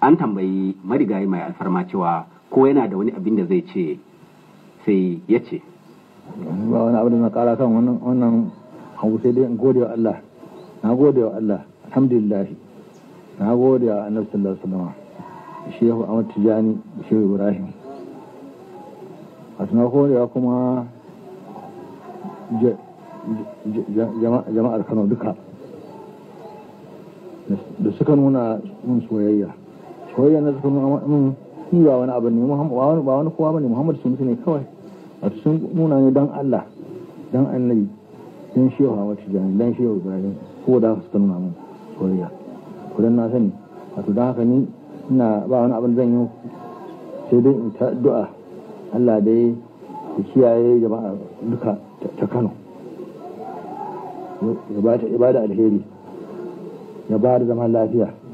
an tambayi marigayi mai alfarma cewa ko yana da wani abin da zai ce sai ya ce ba wani abin da na kara kan wannan wannan abu sai dai gode wa Allah na gode wa Allah alhamdulillah na gode wa annabi sallallahu alaihi wasallam shehu Ahmad Tijani shehu Ibrahim asna godewa kuma jama'ar Kano duka da suka nuna mun soyayya soyayya na suka nuna mun ni ba wani abu ne ba wani kowa ba muhammad muhammadu sunusu ne kawai a sun nuna ne don allah don annabi don shehu hawa tijjani don shehu ibrahim ko da suka nuna mun soyayya ko na sani wato don haka ni ina ba wani abin zan yi sai dai in ta du'a allah dai ya kiyaye jama'a duka ta kano ya ba ta ibada alheri ya ba da zaman lafiya